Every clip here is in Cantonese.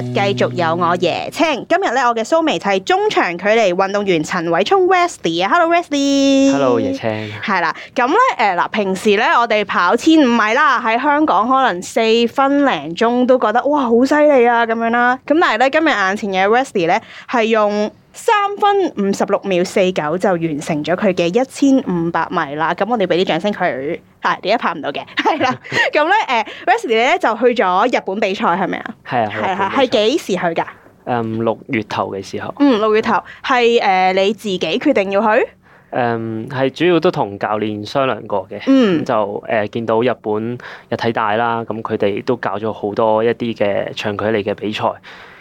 繼續有我爺青，今日咧我嘅蘇眉就係中長距離運動員陳偉聰 Wesley 啊，Hello Wesley，Hello 爺青，係啦，咁咧誒嗱，平時咧我哋跑千五米啦，喺香港可能四分零鐘都覺得哇好犀利啊咁樣啦，咁但係咧今日眼前嘅 Wesley 咧係用三分五十六秒四九就完成咗佢嘅一千五百米啦，咁我哋俾啲掌聲佢，係點解拍唔到嘅？係啦。咁咧， 誒、呃、，Wesley 你咧就去咗日本比賽係咪啊？係啊，係係係，幾時去噶？誒、嗯，六月頭嘅時候。嗯，六月頭係，誒你自己決定要去？誒、嗯，係主要都同教練商量過嘅。嗯，就誒、呃、見到日本日體大啦，咁佢哋都搞咗好多一啲嘅長距離嘅比賽。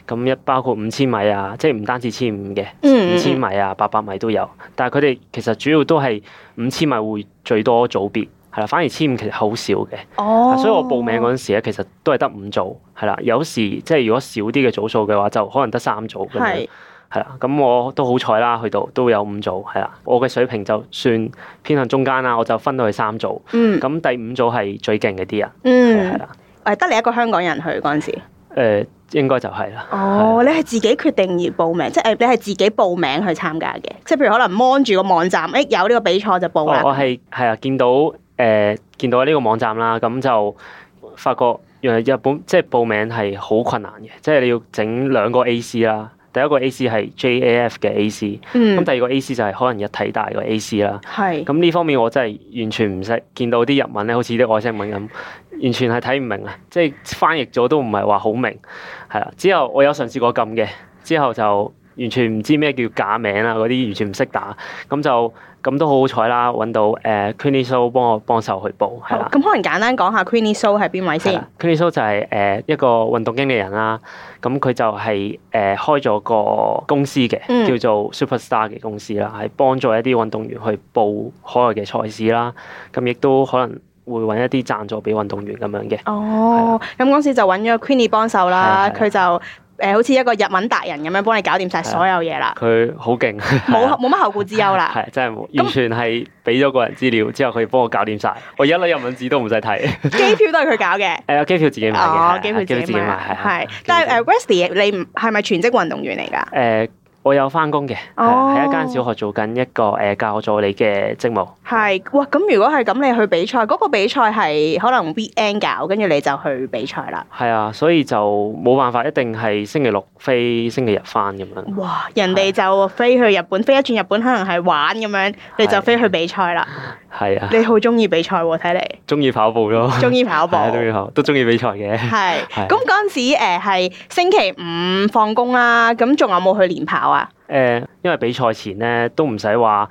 咁一包括五千米啊，即係唔單止千五嘅，五千米啊、八百米都有。但係佢哋其實主要都係五千米會最多組別，係啦。反而千五其實好少嘅，哦。Oh. 所以我報名嗰陣時咧，其實都係得五組，係啦。有時即係如果少啲嘅組數嘅話，就可能得三組。係啦是。咁我都好彩啦，去到都有五組，係啦。我嘅水平就算偏向中間啦，我就分到去三組。嗯。咁第五組係最勁嗰啲啊。嗯。係啦的，誒得你一個香港人去嗰陣時。誒應該就係啦。哦，是你係自己決定而報名，即係誒你係自己報名去參加嘅。即係譬如可能 mon 住個網站，誒、哎、有呢個比賽就報啦、哦。我係係啊，見到誒、呃、見到呢個網站啦，咁就發覺誒原來日本即係報名係好困難嘅，即係你要整兩個 AC 啦。第一個 AC 係 JAF 嘅 AC，咁、嗯、第二個 AC 就係可能日體大個 AC 啦。咁呢是方面我真係完全唔識，見到啲日文咧，好似啲外星文咁，完全係睇唔明啊！即係翻譯咗都唔係話好明，係啦。之後我有嘗試過撳嘅，之後就。完全唔知咩叫假名啊，嗰啲完全唔識打，咁就咁都好好彩啦，揾到誒 Queenie Show 幫我幫手去報，係啦。咁、哦、可能簡單講下 Queenie Show 係邊位先？Queenie Show 就係誒一個運動經理人啦，咁佢就係誒開咗個公司嘅，叫做 Superstar 嘅公司啦，係幫助一啲運動員去報海外嘅賽事啦，咁亦都可能會揾一啲贊助俾運動員咁樣嘅。哦，咁嗰時就揾咗 Queenie 幫手啦，佢就。誒，好似一個日文達人咁樣幫你搞掂晒所有嘢啦，佢好勁，冇冇乜後顧之憂啦，係真係冇，完全係俾咗個人資料之後，佢幫我搞掂晒，我一粒日文字都唔使睇，機票都係佢搞嘅。誒，機票自己買，嘅。機票自己買，係，係，但係誒，Wesley，你唔係咪全職運動員嚟噶？誒。我有翻工嘅，喺一間小學做緊一個誒教助理嘅職務。係，哇！咁如果係咁，你去比賽嗰個比賽係可能 B N 搞，跟住你就去比賽啦。係啊，所以就冇辦法，一定係星期六飛，星期日翻咁樣。哇！人哋就飛去日本，飛一轉日本，可能係玩咁樣，你就飛去比賽啦。係啊！你好中意比賽喎，睇嚟。中意跑步咯，中意跑步，中意跑，都中意比賽嘅。係，咁嗰陣時誒係星期五放工啦，咁仲有冇去練跑？誒，因為比賽前咧，都唔使話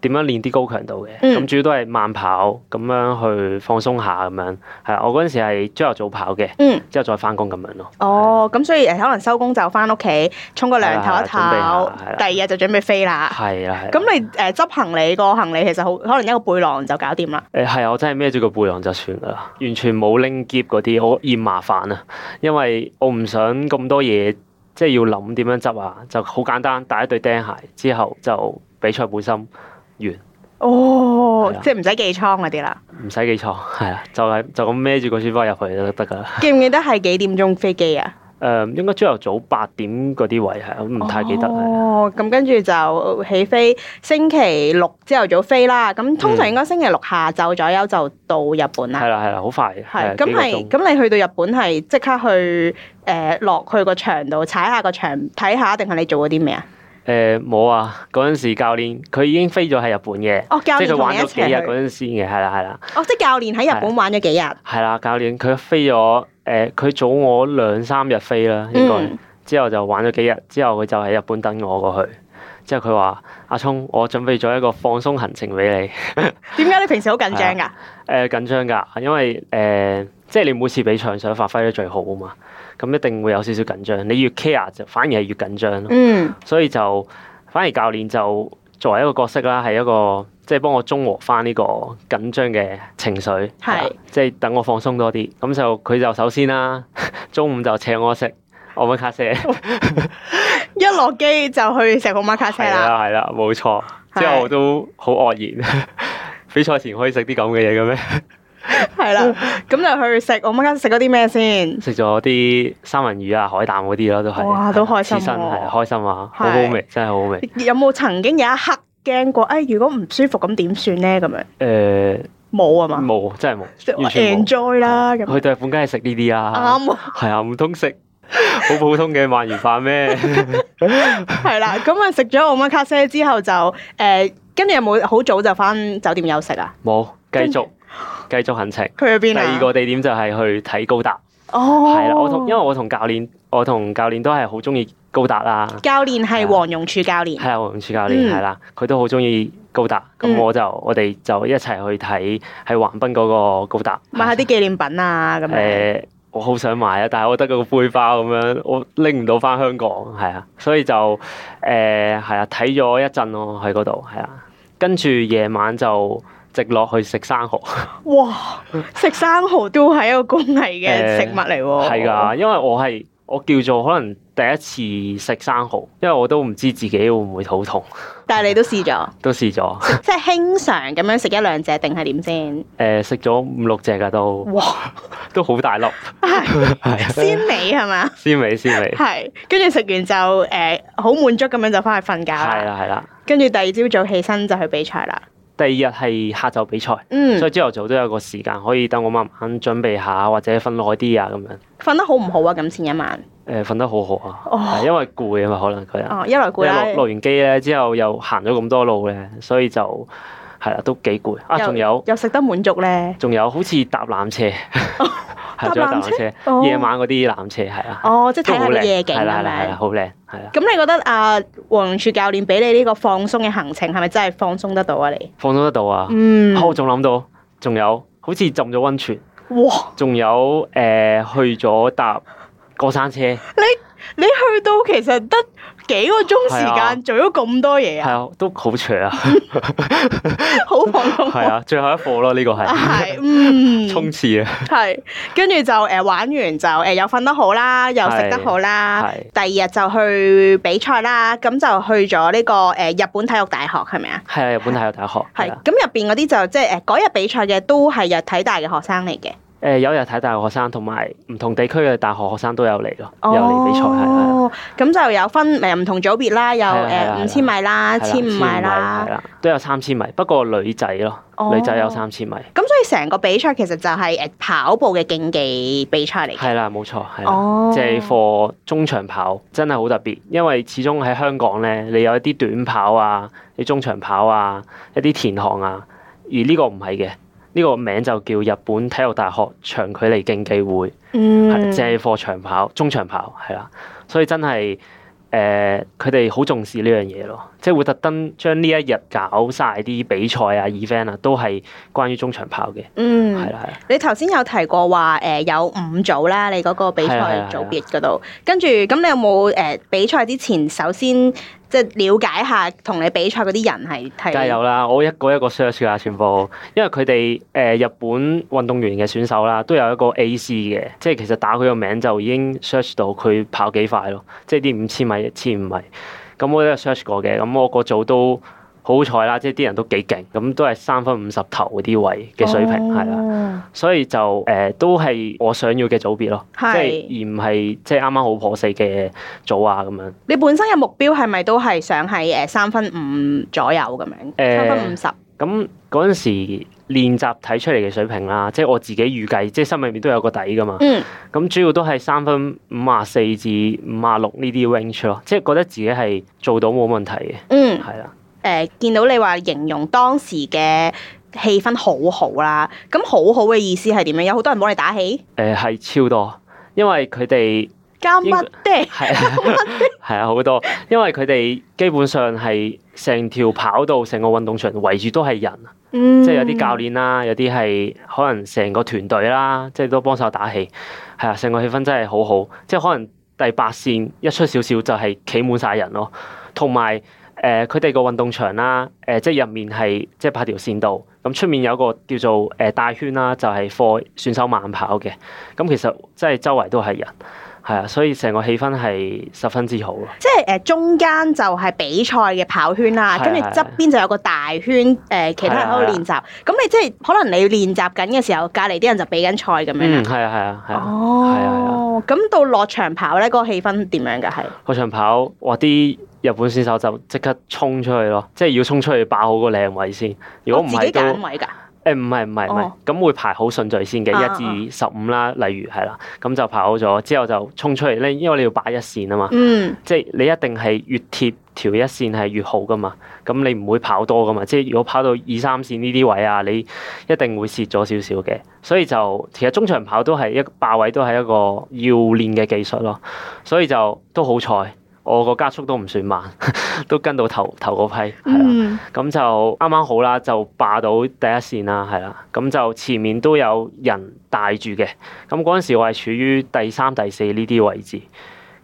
點樣練啲高強度嘅。咁、嗯、主要都係慢跑咁樣去放鬆下咁樣。係啊，我嗰陣時係朝頭早跑嘅，嗯、之後再翻工咁樣咯。哦，咁的所以可能收工就翻屋企沖個涼，唞一唞，第二日就準備飛啦。係啊，咁你誒執、呃、行李個行李其實好可能一個背囊就搞掂啦。誒，係啊，我真係孭住個背囊就算啦，完全冇拎篋嗰啲，好嫌麻煩啊，因為我唔想咁多嘢。即係要諗點樣執啊，就好簡單，帶一對釘鞋之後就比賽背心完。哦，的即係唔使寄倉嗰啲啦，唔使寄倉，係啊，就係就咁孭住個書包入去就得㗎啦。記唔記得係幾點鐘飛機啊？誒應該朝頭早八點嗰啲位係，我唔太記得啦。哦，咁跟住就起飛，星期六朝頭早飛啦。咁通常應該星期六下晝左右就到日本啦。係啦，係啦，好快嘅。係，咁係，咁你去到日本係即刻去誒落去個場度踩下個場，睇下定係你做咗啲咩啊？誒冇啊，嗰陣時教練佢已經飛咗喺日本嘅。哦，即係玩咗幾日嗰陣先嘅，係啦，係啦。哦，即係教練喺日本玩咗幾日。係啦，教練佢飛咗。誒佢早我兩三日飛啦，應該之後就玩咗幾日，之後佢就喺日本等我過去。之後佢話：阿聰、啊，我準備咗一個放鬆行程畀你。點 解你平時好緊張㗎？誒緊張㗎，因為誒、呃、即係你每次比賽想發揮得最好啊嘛，咁一定會有少少緊張。你越 care 就反而係越緊張咯。嗯，所以就反而教練就作為一個角色啦，係一個。即係幫我中和翻呢個緊張嘅情緒，係的即係等我放鬆多啲。咁就佢就首先啦、啊，中午就請我食 Omakase。 一落機就去食 Omakase 啦。係啦，係啦，冇錯。之後我都好愕然，比 賽前可以食啲咁嘅嘢嘅咩？係 啦、嗯，咁就去食 Omakase 食咗啲咩先？食咗啲三文魚啊、海膽嗰啲咯，都係。哇，都開心、啊，開心啊，好好味，真係好好味。有冇曾經有一刻？驚過誒，如果唔舒服咁點算咧？咁樣誒，冇啊嘛，冇，真係冇，完全 enjoy 啦。咁佢對日本梗係食呢啲啊，啱，係啊，唔通食好普通嘅鰻魚飯咩？係啦，咁啊食咗 Omakase 之後就誒，跟住有冇好早就返酒店休息啊？冇，繼續繼續行程。去咗邊啊？第二個地點就係去睇高達。哦，係啦，我同因為我同教練，我同教練都係好鍾意。高達啦，教練係黃榮柱教練，係黃榮柱教練係啦，佢、嗯、都好中意高達，咁、嗯、我就我哋就一齊去睇喺橫濱嗰個高達，買下啲紀念品啊咁樣。誒、呃，我好想買啊，但係我得個背包咁樣，我拎唔到翻香港，係啊，所以就誒係啊，睇、呃、咗一陣咯喺嗰度，係啊，跟住夜晚就直落去食生蠔。哇，食生蠔都係一個工藝嘅食物嚟喎。係噶、呃，因為我係我叫做可能。第一次食生蠔，因為我都唔知自己會唔會肚痛，但係你都試咗，都試咗，即係經常咁樣食一兩隻定係點先？誒，食咗五六隻噶都，哇，都好大粒，係鮮美係嘛，鮮美鮮美，係跟住食完就誒好、呃、滿足咁樣就翻去瞓覺，係啦係啦，跟住第二朝早起身就去比賽啦。第二日係下晝比賽，嗯、所以朝頭早都有個時間可以等我慢慢準備下，或者瞓耐啲啊咁樣。瞓得好唔好啊？咁前一晚？誒、呃，瞓得好好啊，哦、因為攰啊嘛，可能佢啊。哦，一來攰落落完機咧之後又行咗咁多路咧，所以就係啦，都幾攰。又啊，仲有，又食得滿足咧。仲有，好似搭纜車。哦 搭纜車，夜、哦、晚嗰啲纜車係啊，哦，即係睇下夜景啊嘛，好靚，係啊。咁你覺得啊，黃龍柱教練俾你呢個放鬆嘅行程，係咪真係放鬆得到啊？你放鬆得到啊？嗯，啊、我仲諗到，仲有好似浸咗温泉，哇！仲有誒、呃，去咗搭過山車。你你去到其實得。幾個鐘時間做咗咁多嘢啊！係啊，啊，都好長啊，好放鬆。係啊，最後一課咯，呢、這個係係嗯衝刺啊。係跟住就誒玩完就誒又瞓得好啦，是又食得好啦。係是第二日就去比賽啦，咁就去咗呢個誒日本體育大學係咪啊？係啊，日本體育大學係咁入邊嗰啲就即係誒嗰日比賽嘅都係日體大嘅學生嚟嘅。誒有日體大學學生同埋唔同地區嘅大學學生都有嚟咯，哦、有嚟比賽係係。咁就有分誒唔同組別啦，有誒五千米啦，千五的米啦，都有三千米。不過女仔咯，哦、女仔有三千米。咁所以成個比賽其實就係誒跑步嘅競技比賽嚟。係啦，冇錯，係。即係 for 中長跑，真係好特別，因為始終喺香港咧，你有一啲短跑啊，你中長跑啊，一啲田項啊，而呢個唔係嘅。呢個名就叫日本體育大學長距離競技會，正係、嗯、長跑、中長跑係啦，所以真係誒，佢哋好重視呢樣嘢咯，即係會特登將呢一日搞晒啲比賽啊、event 啊，都係關於中長跑嘅。嗯，係啦。你頭先有提過話誒、呃、有五組啦，你嗰個比賽組別嗰度，跟住咁你有冇誒、呃、比賽之前首先？即係了解下同你比賽嗰啲人係係。梗係有啦，我一個一個 search 噶，全部因為佢哋誒日本運動員嘅選手啦，都有一個 AC 嘅，即係其實打佢個名就已經 search 到佢跑幾快咯，即係啲五千米、一千五米，咁我都有 search 過嘅，咁我個組都。好彩啦，即係啲人都幾勁，咁都係三分五十頭嗰啲位嘅水平，係啦、oh.，所以就誒、呃、都係我想要嘅組別咯是，即係而唔係即係啱啱好破四嘅組啊咁樣。你本身嘅目標係咪都係想喺誒三分五左右咁樣？三、呃、分五十。咁嗰陣時練習睇出嚟嘅水平啦，即係我自己預計，即係心裏面都有個底㗎嘛。嗯。咁主要都係三分五十四至五十六呢啲 range 咯，即係覺得自己係做到冇問題嘅。嗯。係啦。誒、呃，見到你話形容當時嘅氣氛好好啦，咁好好嘅意思係點樣？有好多人幫你打氣？誒、呃，係超多，因為佢哋教乜嘅？係啊，好 多，因為佢哋基本上係成條跑道，成個運動場圍住都係人，嗯、即係有啲教練啦，有啲係可能成個團隊啦，即係都幫手打氣。係、哎、啊，成個氣氛真係好好，即係可能第八線一出少少就係企滿晒人咯，同埋。誒佢哋個運動場啦，誒、呃、即係入面係即係拍條線道，咁、呃、出面有個叫做誒、呃、大圈啦，就係、是、課選手慢跑嘅。咁、呃、其實即係周圍都係人，係啊，所以成個氣氛係十分之好嘅。即係誒、呃、中間就係比賽嘅跑圈啦，跟住側邊就有個大圈誒、呃，其他人喺度練習。咁你即係可能你練習緊嘅時候，隔離啲人就比緊賽咁樣。嗯，係啊，係啊，係啊。哦，係啊。咁到落場跑咧，嗰個氣氛點樣嘅係？落場跑哇啲～日本選手就即刻衝出去咯，即係要衝出去霸好個靚位先。如果唔係，自己揀位㗎。誒唔係唔係唔係，咁、哎 oh. 會排好順序先，嘅。一至十五啦。例如係啦，咁就排好咗之後就衝出嚟咧。因為你要霸一線啊嘛，、mm. 嘛，嘛，即係你一定係越貼條一線係越好噶嘛。咁你唔會跑多噶嘛。即係如果跑到二三線呢啲位啊，你一定會蝕咗少少嘅。所以就其實中長跑都係一霸位都係一個要練嘅技術咯。所以就都好彩。我個加速都唔算慢， 都跟到頭頭嗰批，咁、mm. 嗯、就啱啱好啦，就霸到第一線啦，係啦，咁、嗯、就前面都有人帶住嘅，咁嗰陣時我係處於第三、第四呢啲位置，咁、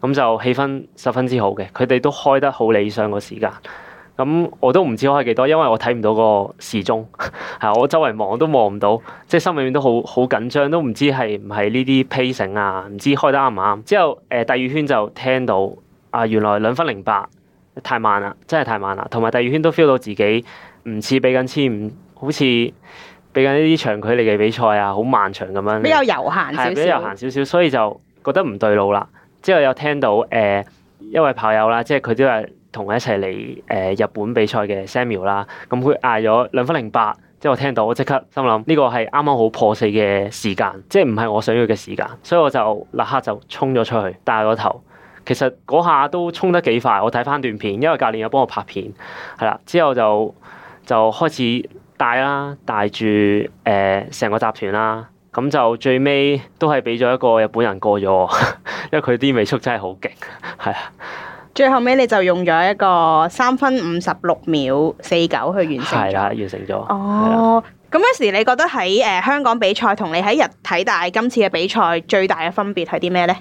嗯、就氣氛十分之好嘅，佢哋都開得好理想個時間，咁、嗯、我都唔知開幾多，因為我睇唔到個時鐘，係我周圍望都望唔到，即係心裡面都好好緊張，都唔知係唔係呢啲 pacing 啊，唔知開得啱唔啱。之後誒、呃、第二圈就聽到。啊，原來兩分零八太慢啦，真係太慢啦。同埋第二圈都 feel 到自己唔似比緊千五，好似比緊呢啲長距離嘅比賽啊，好漫長咁樣。比較悠閒少少。係比較悠閒少少，所以就覺得唔對路啦。之後有聽到誒、呃、一位跑友啦，即係佢都係同我一齊嚟誒日本比賽嘅 Samuel 啦。咁佢嗌咗兩分零八，之後我聽到，我即刻心諗呢、呢個係啱啱好破四嘅時間，即係唔係我想要嘅時間，所以我就立刻就衝咗出去，帶咗頭。其實嗰下都衝得幾快，我睇翻段片，因為教練有幫我拍片，係啦。之後就就開始帶啦，帶住誒成個集團啦。咁就最尾都係俾咗一個日本人過咗， 因為佢啲尾速真係好勁，係啊。最後尾你就用咗一個三分五十六秒四九去完成，係啦，完成咗。哦，咁嗰的時你覺得喺誒香港比賽同你喺日體大今次嘅比賽最大嘅分別係啲咩呢？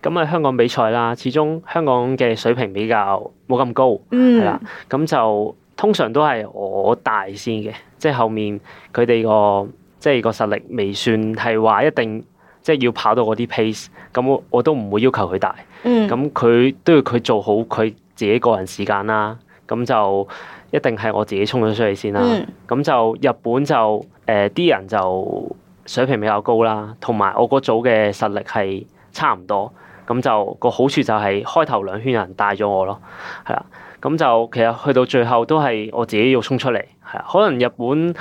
咁啊，香港比賽啦，始終香港嘅水平比較冇咁高，係啦、嗯，咁就通常都係我先大先嘅，即係後面佢哋個即係個實力未算係話一定即係要跑到 pace，我啲 pace，咁我我都唔會要求佢大，咁佢、嗯、都要佢做好佢自己個人時間啦，咁就一定係我自己衝咗出去先啦，咁、嗯、就日本就誒啲、呃、人就水平比較高啦，同埋我嗰組嘅實力係差唔多。咁就、嗰個好處就係、係、開頭兩圈有人帶咗我咯，係啦。咁就其實去到最後都係我自己要衝出嚟，係啦。可能日本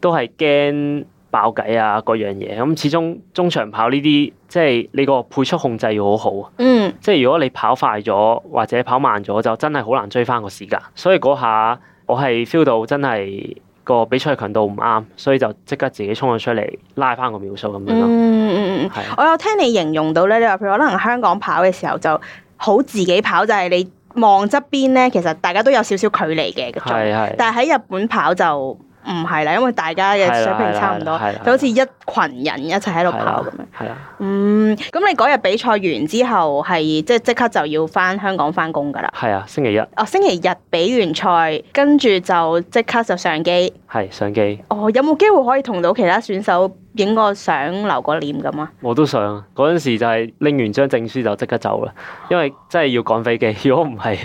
都係驚爆偈啊，嗰樣嘢。咁始終中長跑呢啲，即係你個配速控制要好好。嗯。即係如果你跑快咗或者跑慢咗，就真係好難追翻個時間。所以嗰下我係 feel 到真係。個比賽強度唔啱，所以就即刻自己衝咗出嚟拉翻個秒數咁樣咯。嗯嗯嗯，係我有聽你形容到咧，你話譬如可能香港跑嘅時候就好自己跑，就係、是、你望側邊咧，其實大家都有少少距離嘅。係係。但係喺日本跑就～唔係啦，因為大家嘅水平差唔多，就好似一群人一齊喺度跑咁樣。係啊係啊，嗯，咁你嗰日比賽完之後，係即即刻就要翻香港翻工噶啦？係啊，星期一。哦，星期日比完賽，跟住就即刻就上機。係上機。哦，有冇機會可以同到其他選手影個相、留個念咁啊？我都想啊，嗰陣時就係拎完張證書就即刻走啦，因為真係要趕飛機。如果唔係，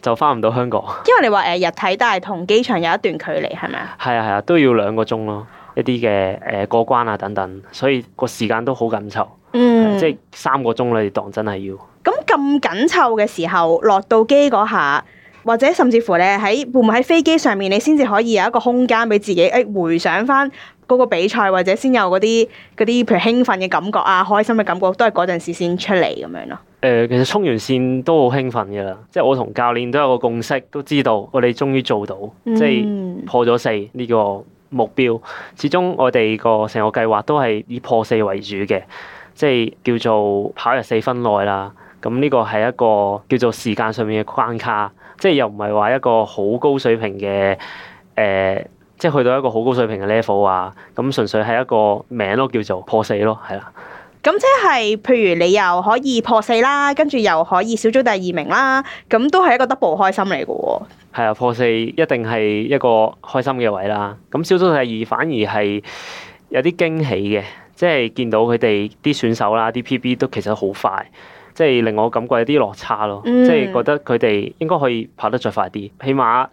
就翻唔到香港，因為你話誒日體，都係同機場有一段距離，係咪啊？係啊係啊，都要兩個鐘咯，一啲嘅誒過關啊等等，所以個時間都好緊湊，嗯，即三個鐘你當真係要。咁咁緊湊嘅時候落到機嗰下，或者甚至乎咧，喺會唔會喺飛機上面，你先至可以有一個空間俾自己誒回想翻嗰個比賽，或者先有嗰啲嗰啲譬如興奮嘅感覺啊、開心嘅感覺，都係嗰陣時先出嚟咁樣咯。誒、呃，其實衝完線都好興奮嘅啦，即係我同教練都有個共識，都知道我哋終於做到，嗯、即係破咗四呢個目標。始終我哋個成個計劃都係以破四為主嘅，即係叫做跑入四分內啦。咁、這、呢個係一個叫做時間上面嘅關卡，即係又唔係話一個好高水平嘅誒、呃，即係去到一個好高水平嘅 level 啊。咁純粹係一個名咯，叫做破四咯，係啦。咁即係，譬如你又可以破四啦，跟住又可以小組第二名啦，咁都係一個 double 開心嚟嘅喎。係啊，破四一定係一個開心嘅位啦。咁小組第二反而係有啲驚喜嘅，即係見到佢哋啲選手啦、啲 PB 都其實好快，即係令我感覺有啲落差咯。嗯、即係覺得佢哋應該可以跑得再快啲，起碼。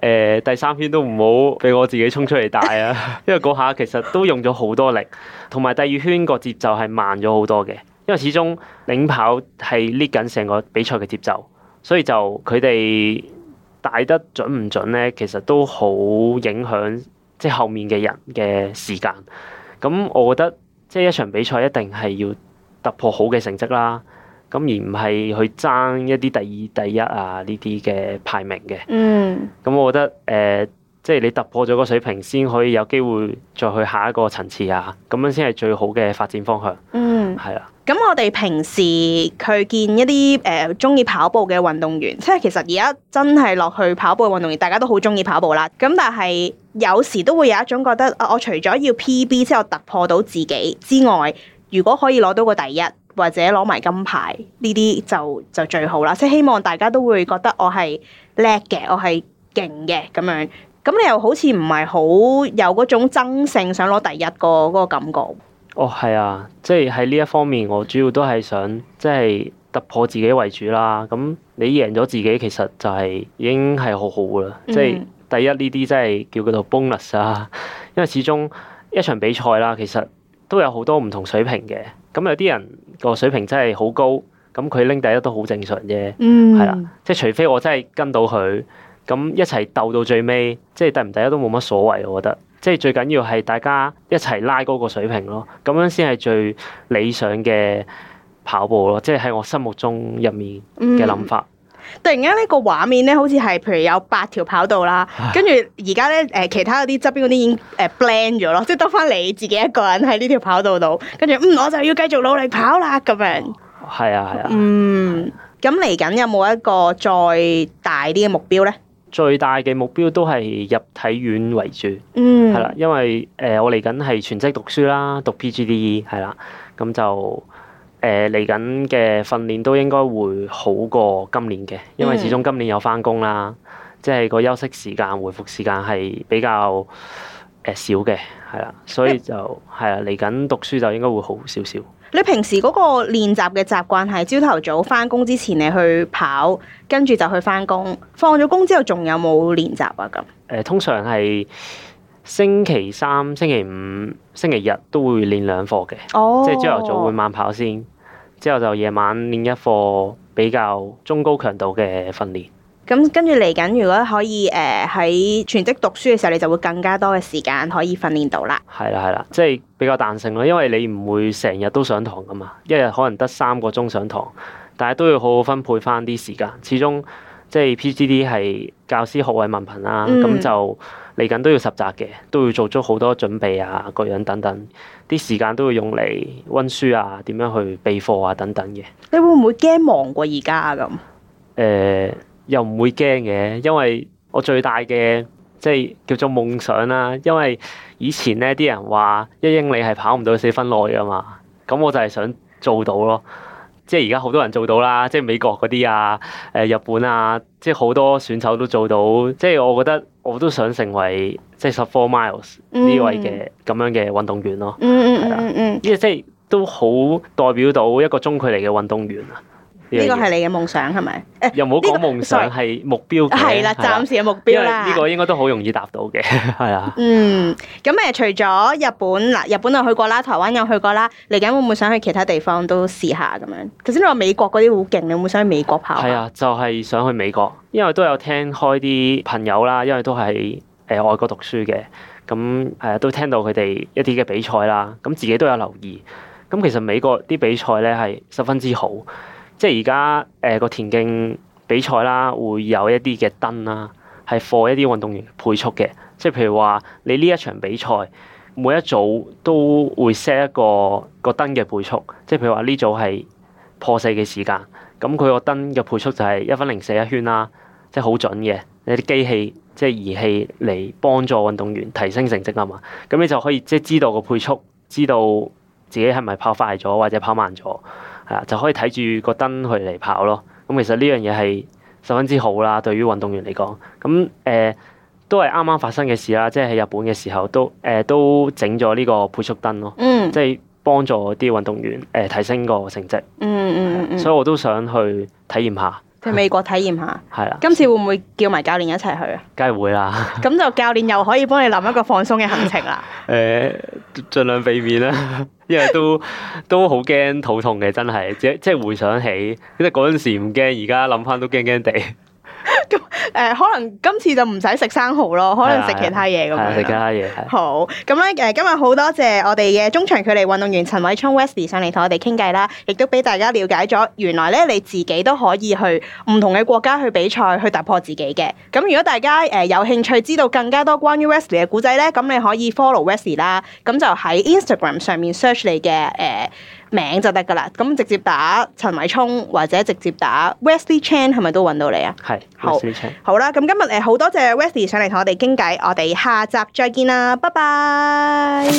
誒、呃、第三圈都唔好俾我自己衝出嚟帶啊，因為嗰下其實都用咗好多力，同埋第二圈個節奏係慢咗好多嘅，因為始終領跑係 lead 緊成個比賽嘅節奏，所以就佢哋帶得準唔準咧，其實都好影響即係後面嘅人嘅時間。咁我覺得即係一場比賽一定係要突破好嘅成績啦。咁而唔係去爭一啲第二、第一啊呢啲嘅排名嘅。嗯。咁我覺得誒、呃，即係你突破咗個水平，先可以有機會再去下一個層次啊。咁樣先係最好嘅發展方向。嗯。係啦。咁我哋平時去見一啲誒中意跑步嘅運動員，即係其實而家真係落去跑步運動員，大家都好中意跑步啦。咁但係有時都會有一種覺得，啊、我除咗要 PB 之後突破到自己之外，如果可以攞到個第一，或者攞埋金牌呢啲就就最好啦，即係希望大家都會覺得我係叻嘅，我係勁嘅咁樣。咁你又好似唔係好有嗰種爭勝想攞第一個嗰個感覺哦。係啊，即係喺呢一方面，我主要都係想即係、就是、突破自己為主啦。咁你贏咗自己，其實就係已經係好好啦。嗯、即係第一呢啲真係叫佢做 bonus 啊，因為始終一場比賽啦，其實都有好多唔同水平嘅。咁有啲人。個水平真係好高，咁佢拎第一都好正常啫，係啦、嗯，即除非我真係跟到佢，咁一齊鬥到最尾，即係得唔得第一都冇乜所謂，我覺得，即係最緊要係大家一齊拉高個水平咯，咁樣先係最理想嘅跑步咯，即係喺我心目中入面嘅諗法。嗯突然間呢個畫面咧，好似係譬如有八條跑道啦，跟住而家咧，誒其他嗰啲側邊嗰啲已經誒 blend 咗咯，即係得翻你自己一個人喺呢條跑道度，跟住嗯我就要繼續努力跑啦咁樣。係啊係啊。啊啊嗯，咁嚟緊有冇一個再大啲嘅目標咧？最大嘅目標都係入體院為主。嗯。係啦，因為誒我嚟緊係全職讀書啦，讀 PGD 係啦，咁就。誒嚟緊嘅訓練都應該會好過今年嘅，因為始終今年有翻工啦，嗯、即係個休息時間、回復時間係比較誒少嘅，係、呃、啦，所以就係啊嚟緊讀書就應該會好少少。你平時嗰個練習嘅習慣係朝頭早翻工之前你去跑，跟住就去翻工，放咗工之後仲有冇練習啊？咁誒、呃，通常係。星期三、星期五、星期日都會練兩課嘅，哦、即係朝頭早會慢跑先，之後就夜晚練一課比較中高強度嘅訓練。咁、嗯、跟住嚟緊，如果可以誒喺、呃、全職讀書嘅時候，你就會更加多嘅時間可以訓練到啦。係啦係啦，即係比較彈性咯，因為你唔會成日都上堂㗎嘛，一日可能得三個鐘上堂，但係都要好好分配返啲時間，始終。即係 PGD 係教師學位文憑啦，咁、嗯、就嚟緊都要實習嘅，都要做足好多準備啊，各樣等等，啲時間都會用嚟温書啊，點樣去備課啊等等嘅。你會唔會驚忙過而家咁？誒、呃，又唔會驚嘅，因為我最大嘅即係叫做夢想啦、啊。因為以前咧，啲人話一英里係跑唔到四分內㗎嘛，咁我就係想做到咯。即係而家好多人做到啦，即係美國嗰啲啊，誒、呃、日本啊，即係好多選手都做到。即係我覺得我都想成為即係十 four miles 呢位嘅咁、嗯、樣嘅運動員咯。嗯嗯嗯嗯呢個即係都好代表到一個中距離嘅運動員啊。呢個係你嘅夢想係咪？誒、啊、又冇講夢想係目標，係啦、啊吧啊，暫時嘅目標啦。因為呢個應該都好容易達到嘅，係啊、嗯。嗯，咁、嗯、誒，除咗日本嗱，日本又去過啦，台灣又去過啦，嚟緊會唔會想去其他地方都試下咁樣？頭先你話美國嗰啲好勁，你會唔會想去美國跑？係啊，就係、是、想去美國，因為都有聽開啲朋友啦，因為都係誒外國讀書嘅，咁係啊，都聽到佢哋一啲嘅比賽啦，咁、嗯、自己都有留意。咁、嗯、其實美國啲比賽咧係十分之好。即係而家誒個田徑比賽啦，會有一啲嘅燈啦，係放一啲運動員配速嘅。即係譬如話，你呢一場比賽每一組都會 set 一個個燈嘅配速。即係譬如話呢組係破四嘅時間，咁佢個燈嘅配速就係一分零四一圈啦，即係好準嘅。你啲機器即係儀器嚟幫助運動員提升成績啊嘛。咁你就可以即係知道個配速，知道。自己係咪跑快咗或者跑慢咗，係啊，就可以睇住個燈去嚟跑咯。咁其實呢樣嘢係十分之好啦，對於運動員嚟講。咁誒、呃、都係啱啱發生嘅事啦，即係喺日本嘅時候、呃、都誒都整咗呢個配速燈咯，嗯、即係幫助啲運動員誒、呃、提升個成績。所以我都想去體驗下。去美國體驗下，係啦的。今次會唔會叫埋教練一齊去啊？梗係然會啦。咁就教練又可以幫你諗一個放鬆嘅行程啦 、欸。誒，盡量避免啦、啊，因為都 都好驚肚痛嘅，真係即即回想起，因為嗰陣時唔驚，而家諗翻都驚驚地。咁誒， 可能今次就唔使食生蠔咯，可能食其他嘢咁樣。食、啊啊、其他嘢。啊、好，咁咧誒，今日好多謝我哋嘅中長距離運動員陳偉聰 Wesley 上嚟同我哋傾偈啦，亦都俾大家了解咗，原來咧你自己都可以去唔同嘅國家去比賽，去突破自己嘅。咁如果大家誒有興趣知道更加多關於 Wesley 嘅古仔咧，咁你可以 follow Wesley 啦，咁就喺 Instagram 上面 search 你嘅誒。呃名就得㗎喇，咁直接打陳偉聰或者直接打 Wesley Chan 係咪都揾到你啊？係是，好啦，咁 Chen 今日誒好多謝 Wesley 上嚟同我哋傾偈，我哋下集再見啦，拜拜。